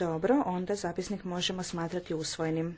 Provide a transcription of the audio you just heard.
Dobro, onda zapisnik možemo smatrati usvojenim.